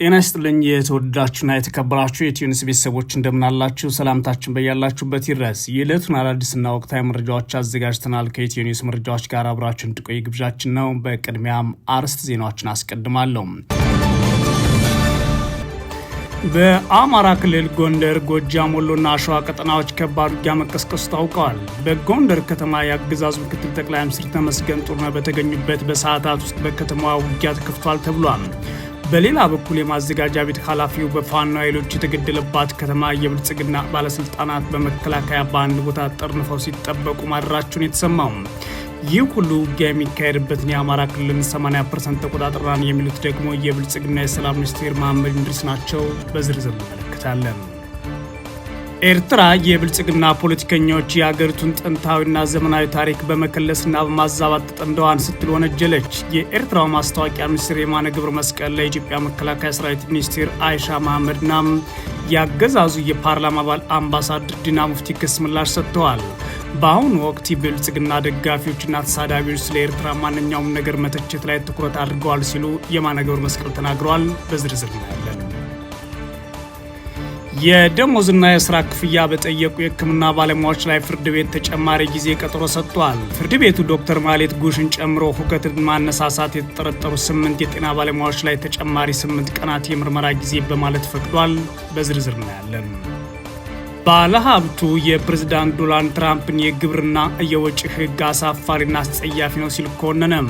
ጤና ይስጥልኝ የተወደዳችሁና የተከበራችሁ የቲዩኒስ ቤተሰቦች እንደምናላችሁ ሰላምታችን በያላችሁበት ይድረስ። የዕለቱን አዳዲስና ወቅታዊ መረጃዎች አዘጋጅተናል። ከኢትዮኒስ መረጃዎች ጋር አብራችን እንድቆይ ግብዣችን ነው። በቅድሚያም አርዕስት ዜናዎችን አስቀድማለሁ። በአማራ ክልል ጎንደር፣ ጎጃም፣ ወሎና አሸዋ ቀጠናዎች ከባድ ውጊያ መቀስቀሱ ታውቀዋል። በጎንደር ከተማ የአገዛዙ ምክትል ጠቅላይ ሚኒስትር ተመስገን ጥሩነህ በተገኙበት በሰዓታት ውስጥ በከተማዋ ውጊያ ተከፍቷል ተብሏል። በሌላ በኩል የማዘጋጃ ቤት ኃላፊው በፋኖ ኃይሎች የተገደለባት ከተማ የብልጽግና ባለስልጣናት በመከላከያ በአንድ ቦታ ጠርንፈው ሲጠበቁ ማድራቸውን የተሰማው። ይህ ሁሉ ውጊያ የሚካሄድበትን የአማራ ክልልን 80 ፐርሰንት ተቆጣጥራን የሚሉት ደግሞ የብልጽግና የሰላም ሚኒስቴር መሐመድ እንድሪስ ናቸው። በዝርዝር እንመለከታለን። ኤርትራ የብልጽግና ፖለቲከኞች የአገሪቱን ጥንታዊና ዘመናዊ ታሪክ በመከለስና በማዛባት ተጠምደዋን ስትል ወነጀለች። የኤርትራው ማስታወቂያ ሚኒስትር የማነ ግብረ መስቀል ለኢትዮጵያ መከላከያ ሰራዊት ሚኒስትር አይሻ መሐመድና ያገዛዙ የፓርላማ አባል አምባሳደር ዲና ሙፍቲ ክስ ምላሽ ሰጥተዋል። በአሁኑ ወቅት የብልጽግና ደጋፊዎችና ተሳዳቢዎች ስለ ኤርትራ ማንኛውም ነገር መተቸት ላይ ትኩረት አድርገዋል ሲሉ የማነ ግብረ መስቀል ተናግረዋል። በዝርዝር ነው። የደሞዝና የስራ ክፍያ በጠየቁ የህክምና ባለሙያዎች ላይ ፍርድ ቤት ተጨማሪ ጊዜ ቀጠሮ ሰጥቷል። ፍርድ ቤቱ ዶክተር ማሌት ጉሽን ጨምሮ ሁከት ማነሳሳት የተጠረጠሩ ስምንት የጤና ባለሙያዎች ላይ ተጨማሪ ስምንት ቀናት የምርመራ ጊዜ በማለት ፈቅዷል። በዝርዝር እናያለን። ባለሀብቱ የፕሬዝዳንት ዶናልድ ትራምፕን የግብርና የወጪ ህግ አሳፋሪና አስጸያፊ ነው ሲል ኮነነም።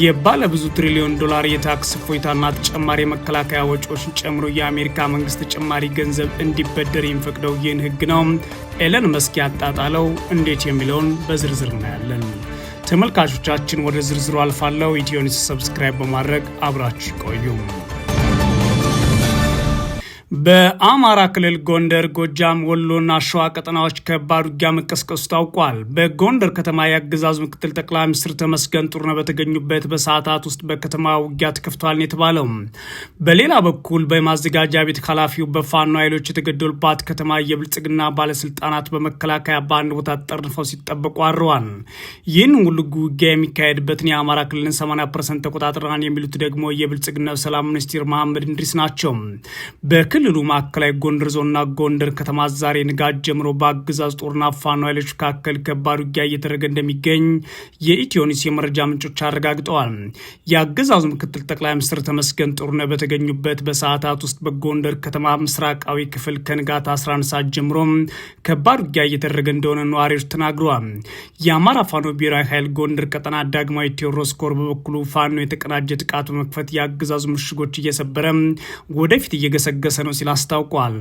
የባለ ብዙ ትሪሊዮን ዶላር የታክስ እፎይታና ተጨማሪ መከላከያ ወጪዎችን ጨምሮ የአሜሪካ መንግስት ተጨማሪ ገንዘብ እንዲበደር የሚፈቅደው ይህን ህግ ነው ኤለን መስክ ያጣጣለው እንዴት የሚለውን በዝርዝር እናያለን። ተመልካቾቻችን ወደ ዝርዝሩ አልፋለሁ። ኢትዮኒስ ሰብስክራይብ በማድረግ አብራችሁ ቆዩ። በአማራ ክልል ጎንደር፣ ጎጃም፣ ወሎና ሸዋ ቀጠናዎች ከባድ ውጊያ መቀስቀሱ ታውቋል። በጎንደር ከተማ የአገዛዙ ምክትል ጠቅላይ ሚኒስትር ተመስገን ጥሩነህ በተገኙበት በሰዓታት ውስጥ በከተማ ውጊያ ተከፍቷል ነው የተባለው። በሌላ በኩል በማዘጋጃ ቤት ኃላፊው በፋኖ ኃይሎች የተገደሉባት ከተማ የብልጽግና ባለስልጣናት በመከላከያ በአንድ ቦታ ጠርንፈው ሲጠበቁ አድረዋል። ይህን ሁሉ ውጊያ የሚካሄድበትን የአማራ ክልልን 80 ፐርሰንት ተቆጣጥረናል የሚሉት ደግሞ የብልጽግና ሰላም ሚኒስትር መሐመድ እንድሪስ ናቸው። በክልሉ ማዕከላዊ ጎንደር ዞንና ጎንደር ከተማ ዛሬ ንጋት ጀምሮ በአገዛዝ ጦርና ፋኖ ኃይሎች መካከል ከባድ ውጊያ እየተደረገ እንደሚገኝ የኢትዮኒስ የመረጃ ምንጮች አረጋግጠዋል። የአገዛዙ ምክትል ጠቅላይ ሚኒስትር ተመስገን ጥሩነህ በተገኙበት በሰዓታት ውስጥ በጎንደር ከተማ ምስራቃዊ ክፍል ከንጋት 11 ሰዓት ጀምሮ ከባድ ውጊያ እየተደረገ እንደሆነ ነዋሪዎች ተናግረዋል። የአማራ ፋኖ ብሔራዊ ኃይል ጎንደር ቀጠና ዳግማዊ ቴዎድሮስ ኮር በበኩሉ ፋኖ የተቀናጀ ጥቃት በመክፈት የአገዛዙ ምሽጎች እየሰበረ ወደፊት እየገሰገሰ ነው ነው ሲል አስታውቋል።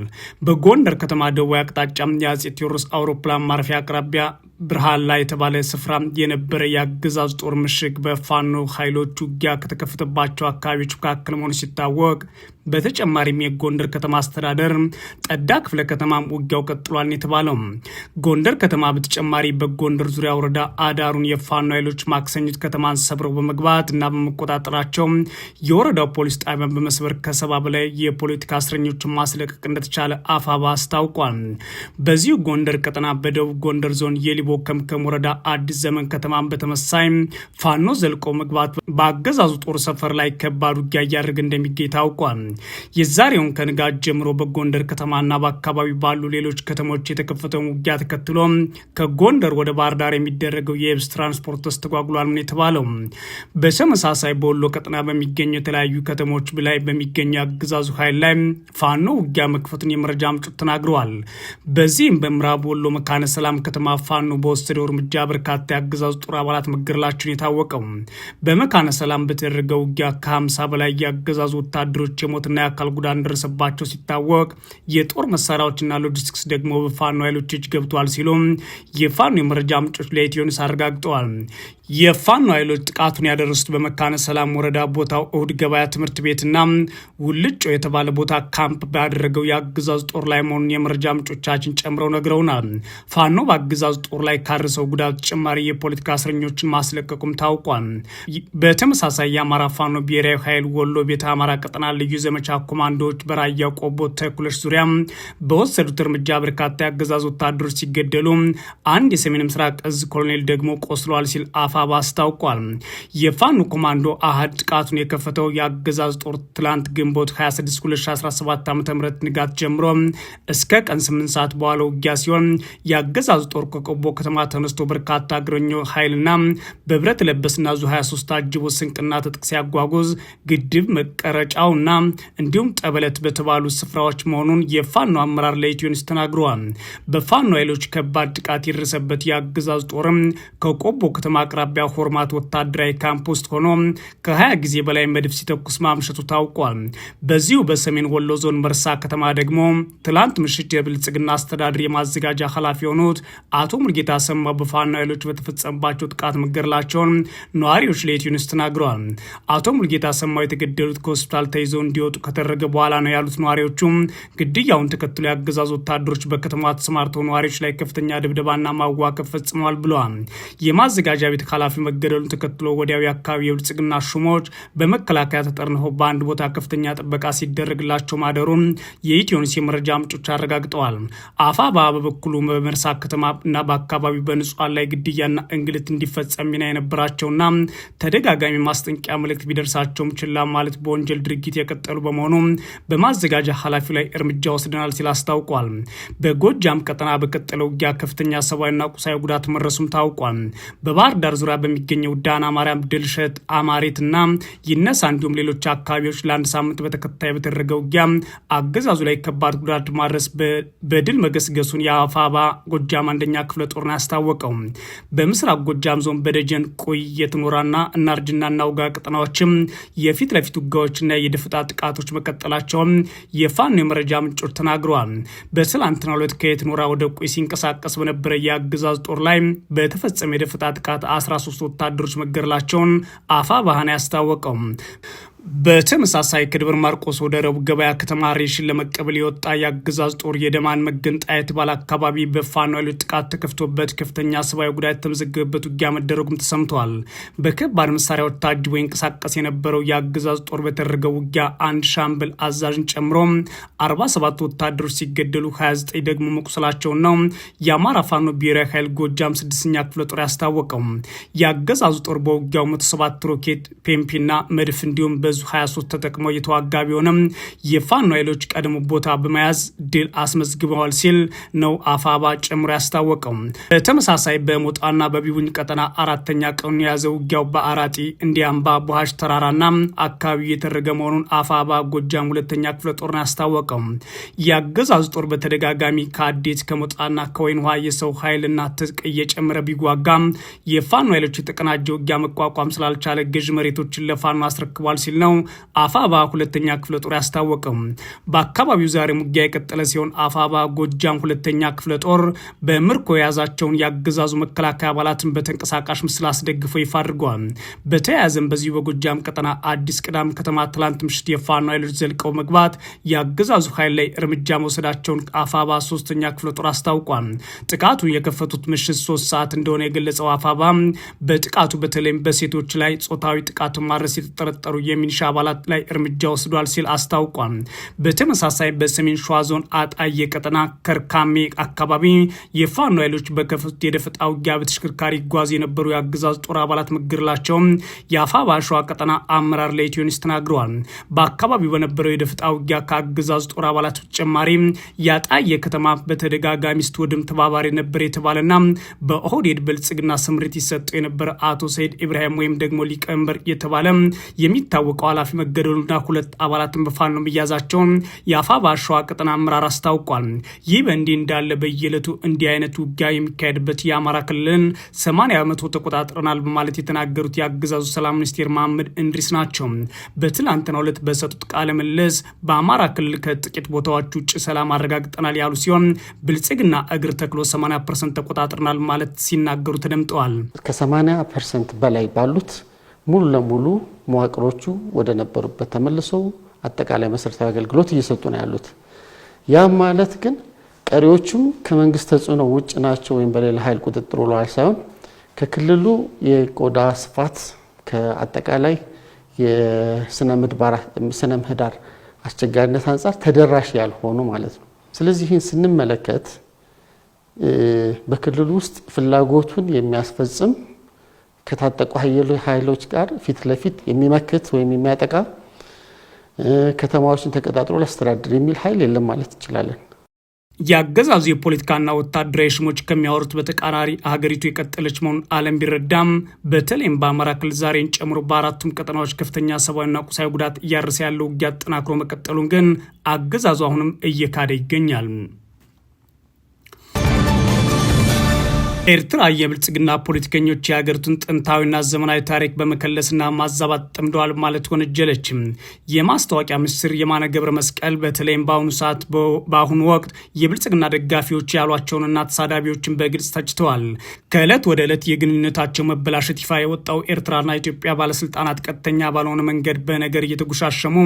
በጎንደር ከተማ ደቡብ አቅጣጫ የአጼ ቴዎድሮስ አውሮፕላን ማረፊያ አቅራቢያ ብርሃላ የተባለ ስፍራ የነበረ የአገዛዝ ጦር ምሽግ በፋኖ ኃይሎች ውጊያ ከተከፈተባቸው አካባቢዎች መካከል መሆኑ ሲታወቅ በተጨማሪም የጎንደር ከተማ አስተዳደር ጠዳ ክፍለ ከተማም ውጊያው ቀጥሏል የተባለው ጎንደር ከተማ በተጨማሪ በጎንደር ዙሪያ ወረዳ አዳሩን የፋኖ ኃይሎች ማክሰኞት ከተማን ሰብረው በመግባት እና በመቆጣጠራቸው የወረዳው ፖሊስ ጣቢያን በመስበር ከሰባ በላይ የፖለቲካ እስረኞችን ማስለቀቅ እንደተቻለ አፋባ አስታውቋል። በዚሁ ጎንደር ቀጠና በደቡብ ጎንደር ዞን የሊቦ ከምከም ወረዳ አዲስ ዘመን ከተማን በተመሳይ ፋኖ ዘልቆ መግባት በአገዛዙ ጦር ሰፈር ላይ ከባድ ውጊያ እያደረገ እንደሚገኝ ታውቋል። የዛሬውን ከንጋት ጀምሮ በጎንደር ከተማና በአካባቢው ባሉ ሌሎች ከተሞች የተከፈተውን ውጊያ ተከትሎ ከጎንደር ወደ ባህር ዳር የሚደረገው የየብስ ትራንስፖርት ተስተጓጉሏል ነው የተባለው። በተመሳሳይ በወሎ ቀጠና በሚገኙ የተለያዩ ከተሞች ላይ በሚገኙ የአገዛዙ ኃይል ላይ ፋኖ ውጊያ መክፈቱን የመረጃ ምንጮች ተናግረዋል። በዚህም በምዕራብ ወሎ መካነ ሰላም ከተማ ፋኖ በወሰደው እርምጃ በርካታ የአገዛዙ ጦር አባላት መገደላቸውን የታወቀው በመካነ ሰላም በተደረገ ውጊያ ከ50 በላይ የአገዛዙ ወታደሮች የሞትና የአካል ጉዳት ደረሰባቸው ሲታወቅ የጦር መሳሪያዎችና ሎጂስቲክስ ደግሞ በፋኖ ኃይሎች እጅ ገብቷል ሲሉም የፋኖ የመረጃ ምንጮች ለኢትዮ ኒውስ አረጋግጠዋል። የፋኖ ኃይሎች ጥቃቱን ያደረሱት በመካነ ሰላም ወረዳ ቦታው እሁድ ገበያ ትምህርት ቤትና ውልጮ የተባለ ቦታ ካምፕ ባደረገው የአገዛዙ ጦር ላይ መሆኑን የመረጃ ምንጮቻችን ጨምረው ነግረውናል። ፋኖ በአገዛዙ ጦር ላይ ላይ ካርሰው ጉዳት ተጨማሪ የፖለቲካ እስረኞችን ማስለቀቁም ታውቋል። በተመሳሳይ የአማራ ፋኖ ብሔራዊ ኃይል ወሎ ቤተ አማራ ቀጠና ልዩ ዘመቻ ኮማንዶዎች በራያ ቆቦ ተኩለሽ ዙሪያ በወሰዱት እርምጃ በርካታ የአገዛዝ ወታደሮች ሲገደሉ አንድ የሰሜን ምስራቅ እዝ ኮሎኔል ደግሞ ቆስሏል ሲል አፋባ አስታውቋል። የፋኖ ኮማንዶ አህድ ጥቃቱን የከፈተው የአገዛዝ ጦር ትላንት ግንቦት 26 2017 ዓ ም ንጋት ጀምሮ እስከ ቀን 8 ሰዓት በኋላ ውጊያ ሲሆን የአገዛዝ ጦር ከቆቦ ከተማ ተነስቶ በርካታ እግረኛ ኃይልና በብረት ለበስና ዙ 23 ታጅቦ ስንቅና ትጥቅ ሲያጓጉዝ ግድብ መቀረጫውና እንዲሁም ጠበለት በተባሉ ስፍራዎች መሆኑን የፋኖ አመራር ለኢትዮኒስ ተናግረዋል። በፋኖ ኃይሎች ከባድ ጥቃት የደረሰበት የአገዛዝ ጦርም ከቆቦ ከተማ አቅራቢያ ሆርማት ወታደራዊ ካምፕ ውስጥ ሆኖ ከ20 ጊዜ በላይ መድፍ ሲተኩስ ማምሸቱ ታውቋል። በዚሁ በሰሜን ወሎ ዞን መርሳ ከተማ ደግሞ ትላንት ምሽት የብልጽግና አስተዳደር የማዘጋጃ ኃላፊ የሆኑት አቶ ሙርጌ ሙሉጌታ አሰማ በፋኖ ኃይሎች በተፈጸመባቸው ጥቃት መገደላቸውን ነዋሪዎች ለኢትዮ ኒውስ ተናግረዋል። አቶ ሙልጌታ ሰማው የተገደሉት ከሆስፒታል ተይዘው እንዲወጡ ከተደረገ በኋላ ነው ያሉት ነዋሪዎቹም ግድያውን ተከትሎ ያገዛዙ ወታደሮች በከተማ ተሰማርተው ነዋሪዎች ላይ ከፍተኛ ድብደባና ማዋከብ ፈጽመዋል ብለዋል። የማዘጋጃ ቤት ኃላፊ መገደሉን ተከትሎ ወዲያው የአካባቢ የብልጽግና ሹሞች በመከላከያ ተጠርንፈው በአንድ ቦታ ከፍተኛ ጥበቃ ሲደረግላቸው ማደሩን የኢትዮኒስ የመረጃ ምንጮች አረጋግጠዋል። አፋባ በበኩሉ በመርሳ ከተማና አካባቢ በንጹሐን ላይ ግድያና እንግልት እንዲፈጸም ሚና የነበራቸውና ተደጋጋሚ ማስጠንቀቂያ መልእክት ቢደርሳቸውም ችላ ማለት በወንጀል ድርጊት የቀጠሉ በመሆኑ በማዘጋጃ ኃላፊው ላይ እርምጃ ወስደናል ሲል አስታውቋል። በጎጃም ቀጠና በቀጠለ ውጊያ ከፍተኛ ሰብአዊና ቁሳዊ ጉዳት መድረሱም ታውቋል። በባህር ዳር ዙሪያ በሚገኘው ዳና ማርያም፣ ድልሸት፣ አማሬትና ይነሳ እንዲሁም ሌሎች አካባቢዎች ለአንድ ሳምንት በተከታይ በተደረገ ውጊያ አገዛዙ ላይ ከባድ ጉዳት ማድረስ በድል መገስገሱን የአፋባ ጎጃም አንደኛ ክፍለ ጦር ማስቆጠሩን አስታወቀው። በምስራቅ ጎጃም ዞን በደጀን ቆይ የትኖራና እናርጅና እናውጋ ቅጥናዎችም የፊት ለፊት ውጊያዎችና የድፍጣ ጥቃቶች መቀጠላቸውን የፋኖ የመረጃ ምንጮች ተናግረዋል። በትላንትናው ዕለት ከየትኖራ ወደ ቁይ ሲንቀሳቀስ በነበረ የአገዛዝ ጦር ላይ በተፈጸመ የደፈጣ ጥቃት 13 ወታደሮች መገደላቸውን አፋ ባህና ያስታወቀው በተመሳሳይ ከደብረ ማርቆስ ወደ ረቡዕ ገበያ ከተማ ሬሽን ለመቀበል የወጣ የአገዛዝ ጦር የደማን መገንጣያ የተባለ አካባቢ በፋኖ ኃይሎች ጥቃት ተከፍቶበት ከፍተኛ ሰብአዊ ጉዳት የተመዘገበበት ውጊያ መደረጉም ተሰምተዋል። በከባድ መሳሪያዎች ታጅቦ ይንቀሳቀስ የነበረው የአገዛዝ ጦር በተደረገው ውጊያ አንድ ሻምበል አዛዥን ጨምሮ 47 ወታደሮች ሲገደሉ 29 ደግሞ መቁሰላቸውን ነው የአማራ ፋኖ ብሔራዊ ኃይል ጎጃም ስድስተኛ ክፍለ ጦር ያስታወቀው። የአገዛዙ ጦር በውጊያው 107 ሮኬት ፔምፒና መድፍ እንዲሁም በዙ 23 ተጠቅመው እየተዋጋ ቢሆንም የፋኖ ኃይሎች ቀድሞ ቦታ በመያዝ ድል አስመዝግበዋል ሲል ነው አፋባ ጨምሮ ያስታወቀው። በተመሳሳይ በሞጣና በቢቡኝ ቀጠና አራተኛ ቀኑ የያዘ ውጊያው በአራጢ እንዲያምባ ቡሃሽ ተራራና አካባቢ የተደረገ መሆኑን አፋባ ጎጃም ሁለተኛ ክፍለ ጦርን ያስታወቀው የአገዛዙ ጦር በተደጋጋሚ ከአዴት ከሞጣና ከወይን ውሃ የሰው ኃይልና ትጥቅ እየጨመረ ቢጓጋም የፋኖ ኃይሎች የተቀናጀ ውጊያ መቋቋም ስላልቻለ ገዥ መሬቶችን ለፋኖ አስረክቧል ሲል ነው አፋባ ሁለተኛ ክፍለ ጦር ያስታወቀው። በአካባቢው ዛሬ ውጊያ የቀጠለ ሲሆን አፋባ ጎጃም ሁለተኛ ክፍለ ጦር በምርኮ የያዛቸውን የአገዛዙ መከላከያ አባላትን በተንቀሳቃሽ ምስል አስደግፎ ይፋ አድርገዋል። በተያያዘም በዚሁ በጎጃም ቀጠና አዲስ ቅዳም ከተማ ትላንት ምሽት የፋኖ ኃይሎች ዘልቀው መግባት የአገዛዙ ኃይል ላይ እርምጃ መውሰዳቸውን አፋባ ሶስተኛ ክፍለ ጦር አስታውቋል። ጥቃቱ የከፈቱት ምሽት ሶስት ሰዓት እንደሆነ የገለጸው አፋባ በጥቃቱ በተለይም በሴቶች ላይ ጾታዊ ጥቃት ማድረስ የተጠረጠሩ የሚ የሚሊሻ አባላት ላይ እርምጃ ወስዷል ሲል አስታውቋል። በተመሳሳይ በሰሜን ሸዋ ዞን አጣየ ቀጠና ከርካሜ አካባቢ የፋኖ ኃይሎች በከፈቱት የደፈጣ ውጊያ በተሽከርካሪ ይጓዙ የነበሩ የአገዛዝ ጦር አባላት መገደላቸውን የአፋባ ሸዋ ቀጠና አመራር ለኢትዮ ኒውስ ተናግረዋል። በአካባቢው በነበረው የደፈጣ ውጊያ ከአገዛዝ ጦር አባላት በተጨማሪ የአጣየ ከተማ በተደጋጋሚ ስትወድም ተባባሪ ነበር የተባለና በኦህዴድ ብልጽግና ስምሪት ይሰጡ የነበረ አቶ ሰይድ ኢብራሂም ወይም ደግሞ ሊቀመንበር የተባለ የሚታወቀው የሻለቃው ኃላፊ መገደሉና ሁለት አባላትን በፋኖ መያዛቸውን የአፋ ባሸዋ ቀጠና አመራር አስታውቋል። ይህ በእንዲህ እንዳለ በየዕለቱ እንዲህ አይነት ውጊያ የሚካሄድበት የአማራ ክልልን 80 በመቶ ተቆጣጥረናል በማለት የተናገሩት የአገዛዙ ሰላም ሚኒስቴር መሐመድ እንድሪስ ናቸው። በትላንትናው ዕለት በሰጡት ቃለ ምልልስ በአማራ ክልል ከጥቂት ቦታዎች ውጭ ሰላም አረጋግጠናል ያሉ ሲሆን ብልጽግና እግር ተክሎ 80 ፐርሰንት ተቆጣጥረናል ማለት ሲናገሩ ተደምጠዋል። ከ80 ፐርሰንት በላይ ባሉት ሙሉ ለሙሉ መዋቅሮቹ ወደ ነበሩበት ተመልሰው አጠቃላይ መሰረታዊ አገልግሎት እየሰጡ ነው ያሉት። ያም ማለት ግን ቀሪዎቹም ከመንግስት ተጽዕኖ ውጭ ናቸው ወይም በሌላ ኃይል ቁጥጥር ውለዋል ሳይሆን ከክልሉ የቆዳ ስፋት ከአጠቃላይ የስነ ምህዳር አስቸጋሪነት አንጻር ተደራሽ ያልሆኑ ማለት ነው። ስለዚህ ይህን ስንመለከት በክልሉ ውስጥ ፍላጎቱን የሚያስፈጽም ከታጠቁ ኃይሎች ጋር ፊት ለፊት የሚመክት ወይም የሚያጠቃ ከተማዎችን ተቀጣጥሮ ላስተዳድር የሚል ኃይል የለም ማለት እንችላለን። የአገዛዙ የፖለቲካና ወታደራዊ ሽሞች ከሚያወሩት በተቃራሪ ሀገሪቱ የቀጠለች መሆኑን ዓለም ቢረዳም በተለይም በአማራ ክልል ዛሬን ጨምሮ በአራቱም ቀጠናዎች ከፍተኛ ሰብአዊና ቁሳዊ ጉዳት እያረሰ ያለው ውጊያ አጠናክሮ መቀጠሉን ግን አገዛዙ አሁንም እየካደ ይገኛል። ኤርትራ የብልጽግና ፖለቲከኞች የሀገሪቱን ጥንታዊና ዘመናዊ ታሪክ በመከለስና ማዛባት ጠምደዋል ማለት ወነጀለችም። የማስታወቂያ ሚኒስትር የማነ ገብረ መስቀል በተለይም በአሁኑ ሰዓት በአሁኑ ወቅት የብልጽግና ደጋፊዎች ያሏቸውንና ተሳዳቢዎችን በግልጽ ተችተዋል። ከዕለት ወደ ዕለት የግንኙነታቸው መበላሸት ይፋ የወጣው ኤርትራና ኢትዮጵያ ባለስልጣናት ቀጥተኛ ባልሆነ መንገድ በነገር እየተጎሻሸሙ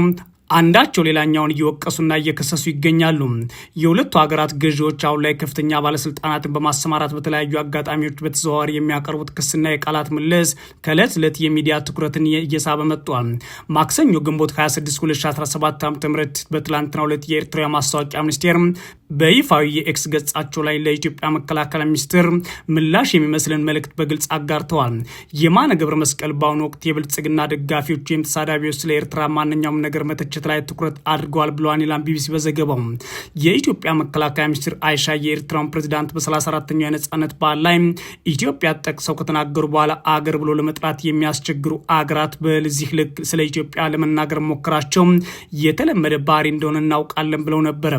አንዳቸው ሌላኛውን እየወቀሱና እየከሰሱ ይገኛሉ። የሁለቱ ሀገራት ገዢዎች አሁን ላይ ከፍተኛ ባለስልጣናትን በማሰማራት በተለያዩ አጋጣሚዎች በተዘዋዋሪ የሚያቀርቡት ክስና የቃላት ምልልስ ከእለት እለት የሚዲያ ትኩረትን እየሳበ መጥቷል። ማክሰኞ ግንቦት 26 2017 ዓ ም በትላንትና ሁለት የኤርትራ ማስታወቂያ ሚኒስቴር በይፋዊ የኤክስ ገጻቸው ላይ ለኢትዮጵያ መከላከያ ሚኒስትር ምላሽ የሚመስልን መልእክት በግልጽ አጋርተዋል። የማነ ገብረ መስቀል በአሁኑ ወቅት የብልጽግና ደጋፊዎች ወይም ተሳዳቢዎች ስለ ኤርትራ ማንኛውም ነገር መተቸት ላይ ትኩረት አድርገዋል ብለዋል ይላል ቢቢሲ በዘገባው። የኢትዮጵያ መከላከያ ሚኒስትር አይሻ የኤርትራውን ፕሬዚዳንት በ34ኛው የነጻነት በዓል ላይ ኢትዮጵያ ጠቅሰው ከተናገሩ በኋላ አገር ብሎ ለመጥራት የሚያስቸግሩ አገራት በዚህ ልክ ስለ ኢትዮጵያ ለመናገር ሞከራቸው የተለመደ ባህሪ እንደሆነ እናውቃለን ብለው ነበረ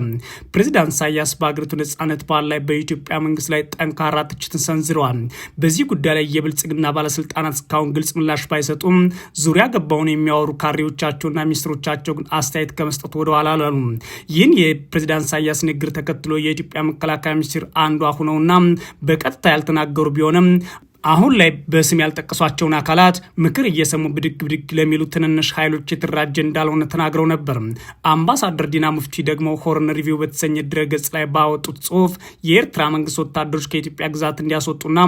ፕሬዚዳንት ኢሳያስ በአገሪቱ ነጻነት በዓል ላይ በኢትዮጵያ መንግስት ላይ ጠንካራ ትችትን ሰንዝረዋል። በዚህ ጉዳይ ላይ የብልጽግና ባለስልጣናት እስካሁን ግልጽ ምላሽ ባይሰጡም ዙሪያ ገባውን የሚያወሩ ካሬዎቻቸውና ሚኒስትሮቻቸው ግን አስተያየት ከመስጠት ወደኋላ አላሉ። ይህን የፕሬዚዳንት ኢሳያስ ንግግር ተከትሎ የኢትዮጵያ መከላከያ ሚኒስትር አንዷ ሁነውና በቀጥታ ያልተናገሩ ቢሆንም አሁን ላይ በስም ያልጠቀሷቸውን አካላት ምክር እየሰሙ ብድግ ብድግ ለሚሉ ትንንሽ ኃይሎች የተደራጀ እንዳልሆነ ተናግረው ነበር። አምባሳደር ዲና ሙፍቲ ደግሞ ሆርን ሪቪው በተሰኘ ድረገጽ ላይ ባወጡት ጽሁፍ የኤርትራ መንግስት ወታደሮች ከኢትዮጵያ ግዛት እንዲያስወጡና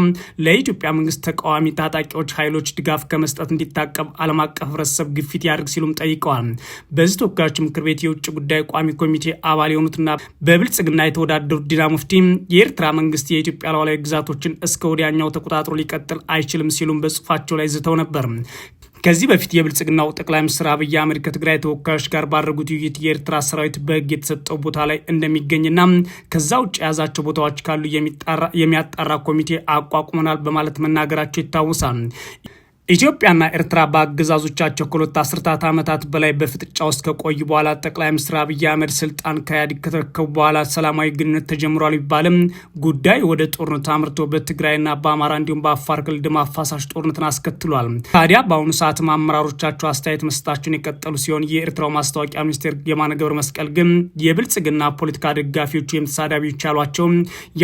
ለኢትዮጵያ መንግስት ተቃዋሚ ታጣቂዎች ኃይሎች ድጋፍ ከመስጠት እንዲታቀብ ዓለም አቀፍ ህብረተሰብ ግፊት ያድርግ ሲሉም ጠይቀዋል። በዚህ ተወካዮች ምክር ቤት የውጭ ጉዳይ ቋሚ ኮሚቴ አባል የሆኑትና በብልጽግና የተወዳደሩት ዲና ሙፍቲ የኤርትራ መንግስት የኢትዮጵያ ሉዓላዊ ግዛቶችን እስከ ወዲያኛው ተቆጣጥሮ ሊቀጥል አይችልም ሲሉም በጽሁፋቸው ላይ ዝተው ነበር። ከዚህ በፊት የብልጽግናው ጠቅላይ ሚኒስትር አብይ አህመድ ከትግራይ ተወካዮች ጋር ባደረጉት ውይይት የኤርትራ ሰራዊት በህግ የተሰጠው ቦታ ላይ እንደሚገኝና ከዛ ውጭ የያዛቸው ቦታዎች ካሉ የሚያጣራ ኮሚቴ አቋቁመናል በማለት መናገራቸው ይታወሳል። ኢትዮጵያና ኤርትራ በአገዛዞቻቸው ከሁለት አስርታት ዓመታት በላይ በፍጥጫ ውስጥ ከቆዩ በኋላ ጠቅላይ ሚኒስትር አብይ አህመድ ስልጣን ከኢህአዴግ ከተረከቡ በኋላ ሰላማዊ ግንኙነት ተጀምሯል ቢባልም ጉዳይ ወደ ጦርነት አምርቶ በትግራይና በአማራ እንዲሁም በአፋር ክልል ደም አፋሳሽ ጦርነትን አስከትሏል። ታዲያ በአሁኑ ሰዓትም አመራሮቻቸው አስተያየት መስጠታቸውን የቀጠሉ ሲሆን የኤርትራው ማስታወቂያ ሚኒስቴር የማነ ገብረ መስቀል ግን የብልጽግና ፖለቲካ ደጋፊዎቹ ወይም ተሳዳቢዎች ያሏቸው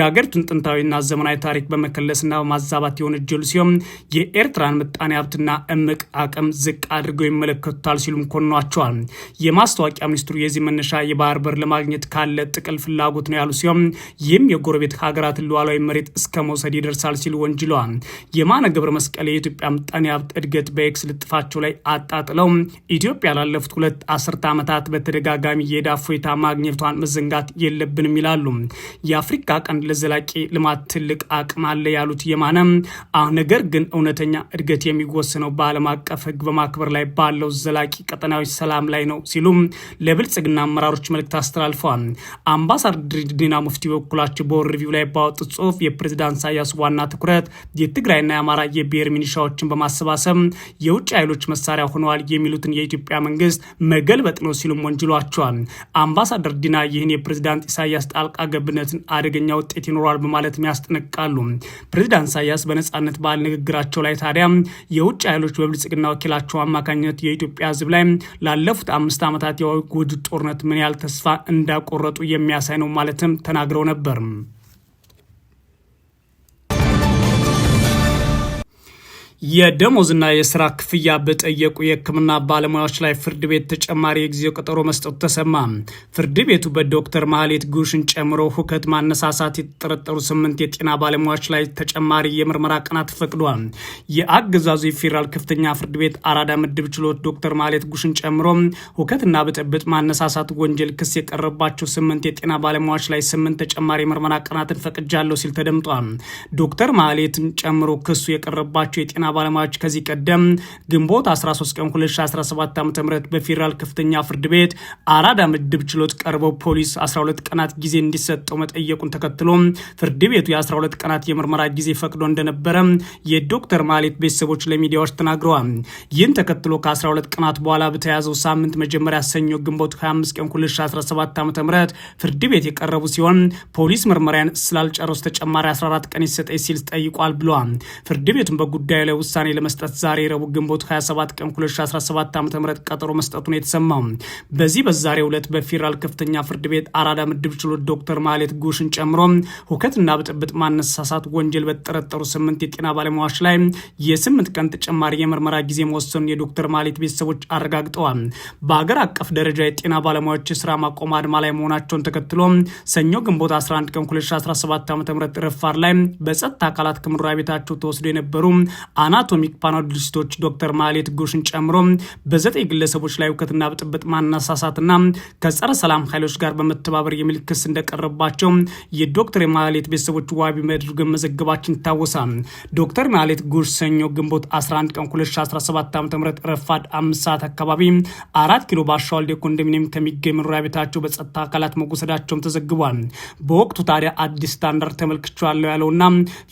የአገሪቱን ጥንታዊና ዘመናዊ ታሪክ በመከለስና በማዛባት የወነጀሉ ሲሆን የኤርትራን ምጣኔ ሀብትና እምቅ አቅም ዝቅ አድርገው ይመለከቱታል ሲሉም ኮንኗቸዋል። የማስታወቂያ ሚኒስትሩ የዚህ መነሻ የባህር በር ለማግኘት ካለ ጥቅል ፍላጎት ነው ያሉ ሲሆን ይህም የጎረቤት ሀገራትን ሉዓላዊ መሬት እስከ መውሰድ ይደርሳል ሲሉ ወንጅለዋል። የማነ ገብረ መስቀል የኢትዮጵያ ምጣኔ ሀብት እድገት በኤክስ ልጥፋቸው ላይ አጣጥለው ኢትዮጵያ ላለፉት ሁለት አስርተ ዓመታት በተደጋጋሚ የዕዳ እፎይታ ማግኘቷን መዘንጋት የለብንም ይላሉ። የአፍሪካ ቀንድ ለዘላቂ ልማት ትልቅ አቅም አለ ያሉት የማነ ነገር ግን እውነተኛ እድገት የሚ የሚወሰነው በዓለም አቀፍ ሕግ በማክበር ላይ ባለው ዘላቂ ቀጠናዊ ሰላም ላይ ነው ሲሉም ለብልጽግና አመራሮች መልእክት አስተላልፈዋል። አምባሳደር ዲና ሙፍቲ በበኩላቸው በወር ሪቪው ላይ ባወጡት ጽሁፍ የፕሬዚዳንት ኢሳያስ ዋና ትኩረት የትግራይና የአማራ የብሔር ሚኒሻዎችን በማሰባሰብ የውጭ ኃይሎች መሳሪያ ሆነዋል የሚሉትን የኢትዮጵያ መንግስት መገልበጥ ነው ሲሉም ወንጅሏቸዋል። አምባሳደር ዲና ይህን የፕሬዚዳንት ኢሳያስ ጣልቃ ገብነትን አደገኛ ውጤት ይኖረዋል በማለትም ያስጠነቅቃሉ። ፕሬዚዳንት ኢሳያስ በነጻነት በዓል ንግግራቸው ላይ ታዲያ የውጭ ኃይሎች በብልጽግና ወኪላቸው አማካኝነት የኢትዮጵያ ሕዝብ ላይ ላለፉት አምስት ዓመታት የዋዊ ጦርነት ምን ያህል ተስፋ እንዳቆረጡ የሚያሳይ ነው ማለትም ተናግረው ነበር። የደሞዝና የስራ ክፍያ በጠየቁ የህክምና ባለሙያዎች ላይ ፍርድ ቤት ተጨማሪ የጊዜ ቀጠሮ መስጠቱ ተሰማ። ፍርድ ቤቱ በዶክተር ማህሌት ጉሽን ጨምሮ ሁከት ማነሳሳት የተጠረጠሩ ስምንት የጤና ባለሙያዎች ላይ ተጨማሪ የምርመራ ቀናት ፈቅዷል። የአገዛዙ የፌዴራል ከፍተኛ ፍርድ ቤት አራዳ ምድብ ችሎት ዶክተር ማህሌት ጉሽን ጨምሮ ሁከትና ብጥብጥ ማነሳሳት ወንጀል ክስ የቀረባቸው ስምንት የጤና ባለሙያዎች ላይ ስምንት ተጨማሪ የምርመራ ቀናትን ፈቅጃለሁ ሲል ተደምጧል። ዶክተር ማህሌትን ጨምሮ ክሱ የቀረባቸው የጤና ባለሙያዎች ከዚህ ቀደም ግንቦት 13 ቀን 2017 ዓ ም በፌዴራል ከፍተኛ ፍርድ ቤት አራዳ ምድብ ችሎት ቀርበው ፖሊስ 12 ቀናት ጊዜ እንዲሰጠው መጠየቁን ተከትሎ ፍርድ ቤቱ የ12 ቀናት የምርመራ ጊዜ ፈቅዶ እንደነበረ የዶክተር ማሌት ቤተሰቦች ለሚዲያዎች ተናግረዋል። ይህን ተከትሎ ከ12 ቀናት በኋላ በተያዘው ሳምንት መጀመሪያ ሰኞ ግንቦት 25 ቀን 2017 ዓ ም ፍርድ ቤት የቀረቡ ሲሆን ፖሊስ ምርመራን ስላልጨረሱ ተጨማሪ 14 ቀን ይሰጠኝ ሲል ጠይቋል ብለዋል። ፍርድ ቤቱን በጉዳዩ ላይ ላይ ውሳኔ ለመስጠት ዛሬ ረቡዕ ግንቦት 27 ቀን 2017 ዓ ም ቀጠሮ መስጠቱን የተሰማው በዚህ በዛሬ ዕለት በፌዴራል ከፍተኛ ፍርድ ቤት አራዳ ምድብ ችሎት ዶክተር ማህሌት ጉሽን ጨምሮ ሁከትና ብጥብጥ ማነሳሳት ወንጀል በተጠረጠሩ ስምንት የጤና ባለሙያዎች ላይ የስምንት ቀን ተጨማሪ የምርመራ ጊዜ መወሰኑን የዶክተር ማህሌት ቤተሰቦች አረጋግጠዋል። በአገር አቀፍ ደረጃ የጤና ባለሙያዎች የስራ ማቆም አድማ ላይ መሆናቸውን ተከትሎ ሰኞ ግንቦት 11 ቀን 2017 ዓ ም ረፋር ላይ በጸጥታ አካላት ከመኖሪያ ቤታቸው ተወስዶ የነበሩ አናቶሚክ ፓናዶሊስቶች ዶክተር ማሌት ጎሽን ጨምሮ በዘጠኝ ግለሰቦች ላይ እውከትና ብጥብጥ ማነሳሳትና ከጸረ ሰላም ኃይሎች ጋር በመተባበር የሚል ክስ እንደቀረባቸው የዶክተር ማሌት ቤተሰቦች ዋቢ መድርገን መዘገባችን ይታወሳል። ዶክተር ማሌት ጎሽ ሰኞ ግንቦት 11 ቀን 2017 ም ረፋድ አምስት ሰዓት አካባቢ አራት ኪሎ በአሸዋ ኮንዶሚኒየም ከሚገኝ መኖሪያ ቤታቸው በጸጥታ አካላት መወሰዳቸውም ተዘግቧል። በወቅቱ ታዲያ አዲስ ስታንዳርድ ተመልክቻለሁ ያለውና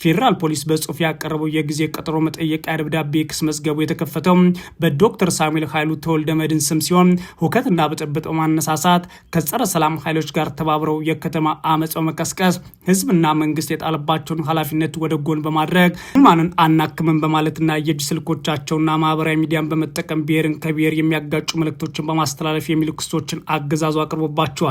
ፌዴራል ፖሊስ በጽሁፍ ያቀረበው የጊዜ ቀጠሮ መጠ የጠየቀ ደብዳቤ ክስ መዝገቡ የተከፈተው በዶክተር ሳሙኤል ኃይሉ ተወልደ መድን ስም ሲሆን ሁከትና ብጥብጥ በማነሳሳት ከጸረ ሰላም ኃይሎች ጋር ተባብረው የከተማ አመፅ በመቀስቀስ ህዝብና መንግስት የጣለባቸውን ኃላፊነት ወደ ጎን በማድረግ ማንን አናክምን በማለትና የእጅ ስልኮቻቸውና ማህበራዊ ሚዲያን በመጠቀም ብሔርን ከብሔር የሚያጋጩ መልእክቶችን በማስተላለፍ የሚሉ ክሶችን አገዛዙ አቅርቦባቸዋል።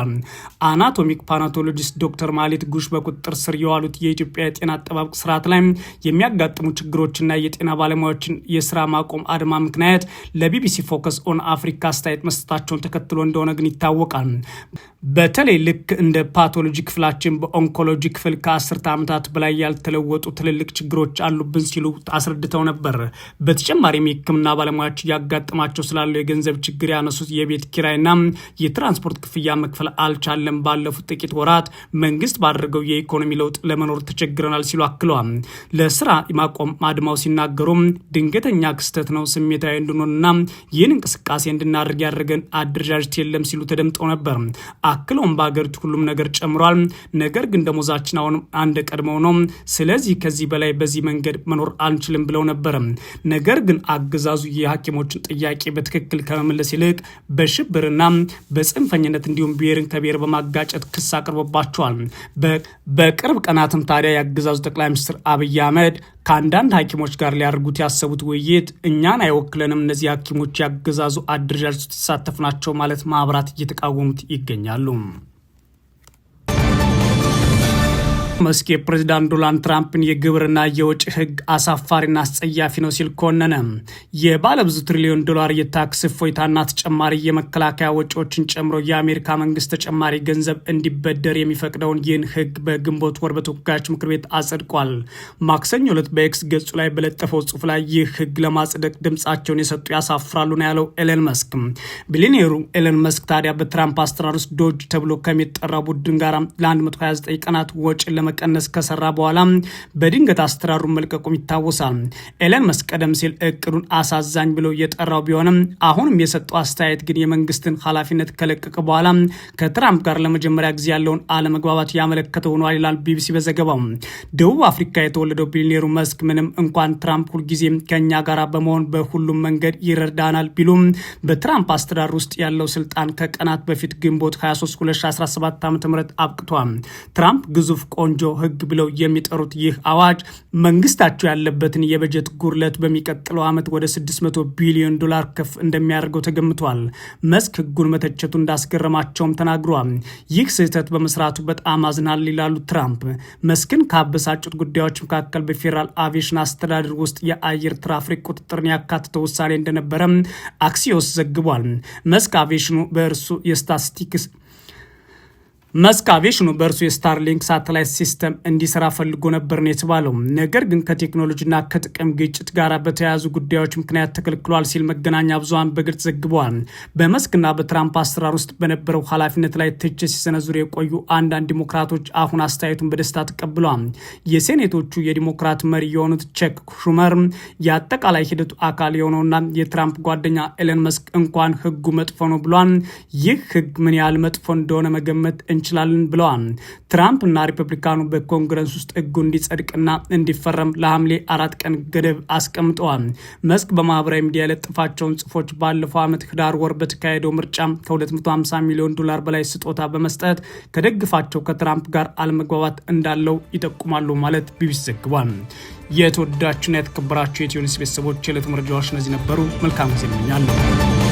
አናቶሚክ ፓናቶሎጂስት ዶክተር ማሌት ጉሽ በቁጥጥር ስር የዋሉት የኢትዮጵያ የጤና አጠባበቅ ስርዓት ላይ የሚያጋጥሙ ችግሮችና የጤና የጤና ባለሙያዎችን የስራ ማቆም አድማ ምክንያት ለቢቢሲ ፎከስ ኦን አፍሪካ አስተያየት መስጠታቸውን ተከትሎ እንደሆነ ግን ይታወቃል። በተለይ ልክ እንደ ፓቶሎጂ ክፍላችን በኦንኮሎጂ ክፍል ከአስርተ ዓመታት በላይ ያልተለወጡ ትልልቅ ችግሮች አሉብን ሲሉ አስረድተው ነበር። በተጨማሪም የህክምና ባለሙያዎች እያጋጠማቸው ስላለው የገንዘብ ችግር ያነሱት የቤት ኪራይና የትራንስፖርት ክፍያ መክፈል አልቻለም። ባለፉት ጥቂት ወራት መንግስት ባደረገው የኢኮኖሚ ለውጥ ለመኖር ተቸግረናል ሲሉ አክለዋል። ለስራ ማቆም አድማው ሲናገሩ ሲናገሩም ድንገተኛ ክስተት ነው፣ ስሜታዊ እንድንሆንና ይህን እንቅስቃሴ እንድናደርግ ያደረገን አደረጃጀት የለም ሲሉ ተደምጠው ነበር። አክለውም በሀገሪቱ ሁሉም ነገር ጨምሯል፣ ነገር ግን ደሞዛችን አሁን አንደ ቀድሞው ነው። ስለዚህ ከዚህ በላይ በዚህ መንገድ መኖር አንችልም ብለው ነበር። ነገር ግን አገዛዙ የሐኪሞችን ጥያቄ በትክክል ከመመለስ ይልቅ በሽብርና በጽንፈኝነት እንዲሁም ብሔርን ከብሔር በማጋጨት ክስ አቅርቦባቸዋል። በቅርብ ቀናትም ታዲያ የአገዛዙ ጠቅላይ ሚኒስትር አብይ አህመድ ከአንዳንድ ሐኪሞች ጋር ሊያደርጉት ያሰቡት ውይይት እኛን አይወክለንም፣ እነዚህ ሐኪሞች ያገዛዙ አደረጃጀቶች የተሳተፉ ናቸው ማለት ማህበራት እየተቃወሙት ይገኛሉ። መስክ የፕሬዚዳንት ዶናልድ ትራምፕን የግብርና የውጭ ህግ አሳፋሪና አስጸያፊ ነው ሲል ኮነነ። የባለብዙ ትሪሊዮን ዶላር የታክስ እፎይታና ተጨማሪ የመከላከያ ወጪዎችን ጨምሮ የአሜሪካ መንግስት ተጨማሪ ገንዘብ እንዲበደር የሚፈቅደውን ይህን ህግ በግንቦት ወር በተወካዮች ምክር ቤት አጽድቋል። ማክሰኞ ዕለት በኤክስ ገጹ ላይ በለጠፈው ጽሁፍ ላይ ይህ ህግ ለማጽደቅ ድምጻቸውን የሰጡ ያሳፍራሉ ነው ያለው ኤለን መስክ። ቢሊኔሩ ኤለን መስክ ታዲያ በትራምፕ አስተዳደር ውስጥ ዶጅ ተብሎ ከሚጠራው ቡድን ጋር ለ129 ቀናት ወጪ ለመቀነስ ከሰራ በኋላ በድንገት አስተራሩን መልቀቁም ይታወሳል። ኤለን መስክ ቀደም ሲል እቅዱን አሳዛኝ ብለው የጠራው ቢሆንም አሁንም የሰጠው አስተያየት ግን የመንግስትን ኃላፊነት ከለቀቀ በኋላ ከትራምፕ ጋር ለመጀመሪያ ጊዜ ያለውን አለመግባባት ያመለከተ ሆኗል ይላል ቢቢሲ በዘገባው። ደቡብ አፍሪካ የተወለደው ቢሊኔሩ መስክ ምንም እንኳን ትራምፕ ሁልጊዜ ከእኛ ጋር በመሆን በሁሉም መንገድ ይረዳናል ቢሉም በትራምፕ አስተዳደር ውስጥ ያለው ስልጣን ከቀናት በፊት ግንቦት 23 2017 ዓ ም አብቅቷል። ትራምፕ ግዙፍ ቆን ቆንጆ ህግ ብለው የሚጠሩት ይህ አዋጅ መንግስታቸው ያለበትን የበጀት ጉድለት በሚቀጥለው ዓመት ወደ 600 ቢሊዮን ዶላር ከፍ እንደሚያደርገው ተገምቷል። መስክ ህጉን መተቸቱ እንዳስገረማቸውም ተናግሯል። ይህ ስህተት በመስራቱ በጣም አዝናል ይላሉ ትራምፕ። መስክን ካበሳጩት ጉዳዮች መካከል በፌዴራል አቪዬሽን አስተዳደር ውስጥ የአየር ትራፊክ ቁጥጥርን ያካትተው ውሳኔ እንደነበረ አክሲዮስ ዘግቧል። መስክ አቪዬሽኑ በእርሱ የስታስቲክስ መስክ አቪዬሽኑ በእርሱ የስታርሊንክ ሳተላይት ሲስተም እንዲሰራ ፈልጎ ነበር ነው የተባለው። ነገር ግን ከቴክኖሎጂና ከጥቅም ግጭት ጋር በተያያዙ ጉዳዮች ምክንያት ተከልክሏል ሲል መገናኛ ብዙኃን በግልጽ ዘግበዋል። በመስክና በትራምፕ አሰራር ውስጥ በነበረው ኃላፊነት ላይ ትችት ሲሰነዝሩ የቆዩ አንዳንድ ዲሞክራቶች አሁን አስተያየቱን በደስታ ተቀብለዋል። የሴኔቶቹ የዲሞክራት መሪ የሆኑት ቼክ ሹመር የአጠቃላይ ሂደቱ አካል የሆነውና የትራምፕ ጓደኛ ኤለን መስክ እንኳን ህጉ መጥፎ ነው ብሏል። ይህ ህግ ምን ያህል መጥፎ እንደሆነ መገመት እንችላለን ብለዋል። እና ሪፐብሊካኑ በኮንግረስ ውስጥ ህጉ እንዲጸድቅና እንዲፈረም ለሐምሌ አራት ቀን ገደብ አስቀምጠዋል። መስክ በማህበራዊ ሚዲያ የለጠፋቸውን ጽሁፎች ባለፈው ዓመት ህዳር ወር በተካሄደው ምርጫ ከ250 ሚሊዮን ዶላር በላይ ስጦታ በመስጠት ከደግፋቸው ከትራምፕ ጋር አለመግባባት እንዳለው ይጠቁማሉ ማለት ቢቢሲ ዘግቧል። የተወዳችሁና የተከበራችሁ የኢትዮ ኒውስ ቤተሰቦች የዕለቱ መረጃዎች እነዚህ ነበሩ። መልካም ጊዜ እመኛለሁ።